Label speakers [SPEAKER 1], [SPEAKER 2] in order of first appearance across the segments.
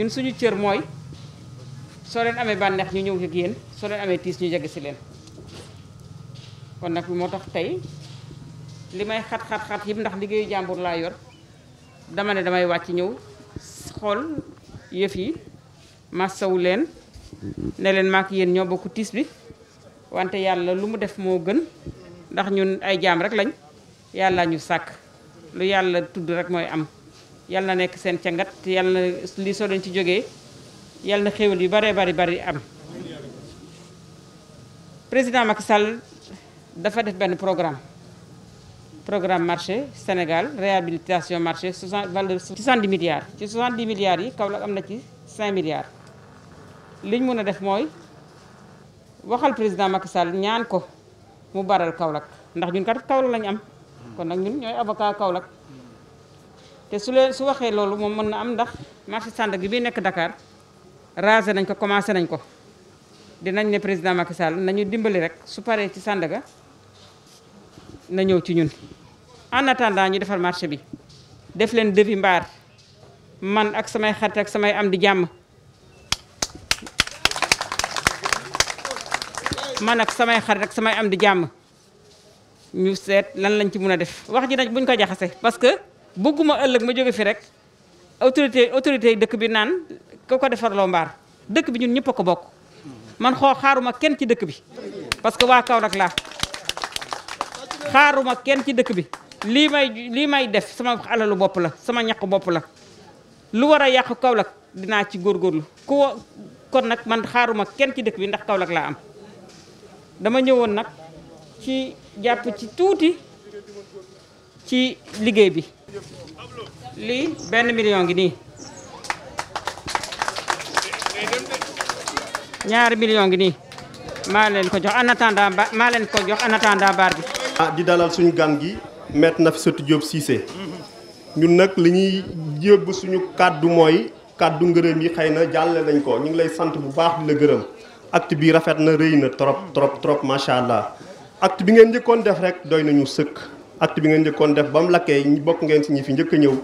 [SPEAKER 1] ñun suñu cër mooy soo leen amee bànneex ñu ñëw ak yéen soo leen amee tiis ñu jegg si leen kon nag moo tax tey li may xat xat xat yëpp ndax liggéeyu jàmbur laa yor dama ne damay wàcc ñëw xool yëf yi massawu leen ne leen maak yéen ñoo bokk tiis bi wante yàlla lu mu def moo gën ndax ñun ay jaam rek lañ yàlla ñu sàkk lu yàlla tudd rek mooy am yal na nekk seen cangat yal na li so len ci joge yal na yu bare bare bare am president Macky Sall dafa def ben programme programme marché Sénégal réhabilitation marché 70 70 milliards ci 70 milliards yi Kaolack am na ci 5 milliards liñ mëna def moy waxal président Macky Sall ñaan ko mu baral Kaolack ndax ñun kat Kaolack lañ am kon nak ñun ñoy avocat Kaolack te su leen su waxee loolu moom mën am ndax marché gi bi nek Dakar raser nañ ko commencer nañ ko dinañ ne président Macky Sall nañu dimbali rek su paré ci ga na ñew ci ñun. en attendant ñu défar marché bi def leen devi mbar man ak samay xat ak samay am di jamm man ak samay xarit ak samay am di jamm ñu set lan lañ ci mëna def wax ji nag buñ ko jaxase parce que buguma ëlëk ma joggé fi rek autorité autorité dëkk bi naan ko ko defarloo mbaar dëkk bi ñun ñëpp ko bokk man xoo xaaruma kenn ci dëkk bi parce que kaw nak la xaaruma kenn ci dëkk bi li may li may def sama alalu bop la sama ñaq bop la lu wara yaq kaw nak dina ci góorgóorlu ko kon nak man xaaruma kenn ci dëkk bi ndax nak la am dama ñëwoon nak ci japp ci tuuti ci liggéey bi li ben million gini, nii ñaari million ngi nii maa leen ko jox en attendant ba maa ko jox en attendant bar bi. Ah, di
[SPEAKER 2] dalal suñu gan gi Maître Nafissatou job Cissé ñun nak li ñuy yóbbu suñu kaddu moy kaddu ngeureum yi xeyna jallé jàlle nañ ko ñu ngi lay sante bu baax di la gërëm acte bi rafet na rëy na trop trop trop macha allah acte bi ngeen njëkkoon def rek doy ñu sëkk acte bi ngeen njëkkoon def bam mu ñi bok ngeen ci ñi fi njëkk ñëw.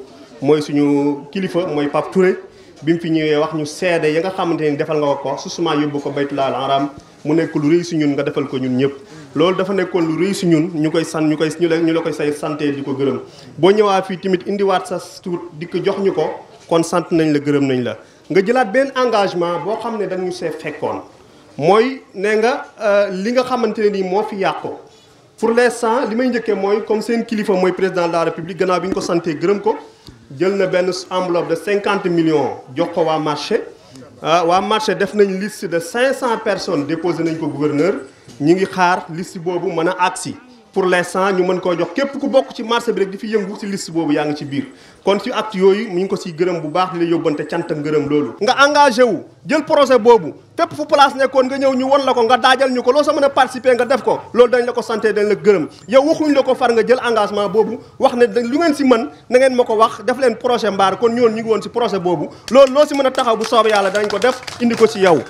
[SPEAKER 2] mooy suñu kilifa mooy Pape Touré bi mu fi ñëwee wax ñu seede ya nga xamante ni defal nga ko su suma yóbbu ko baytulaal haram mu nekk lu rëy si ñun nga defal ko ñun ñëpp loolu dafa nekkoon lu rëy si ñun ñu koy san ñu koy ñu la koy say santé di ko gërëm boo ñëwaa fii tamit indiwaat sa tuut di ko ñu ko kon sant nañ la gërëm nañ la nga jëlaat benn engagement boo xam ne dañu see fekkoon mooy nee nga euh, li nga xamante ne nii moo fi yàqu pour sant li may njëkkee mooy comme seen kilifa mooy président de la république gannaaw bi ñu ko santé gërëm ko jël na une enveloppe de 50 millions jox ko waa marché ah, marché def nañ liste de 500 personnes déposées nañ ko gouverneur ñi ngi xaar liste pour mën a pour l'instant ñu mën koo jox képp ku bokk ci marché bi rek di fi yëngu ci liste boobu yaa ngi ci biir kon ci acte yooyu ñu ngi ko siy gërëm bu baax di la yóbbante cant ak ngërëm loolu nga engagé wu jël projet boobu fépp fu place nekkoon nga ñëw ñu won la ko nga daajal ñu ko loo sa mën a nga def ko loolu dañ la ko santé dañ la gërëm yow waxuñ la ko far nga jël engagement boobu wax ne lu ngeen si mën na ngeen ma ko wax def leen projet mbaar kon ñoon ñu ngi woon si projet boobu loolu loo si mën a taxaw bu soobee yàlla dañ ko def indi ko si yow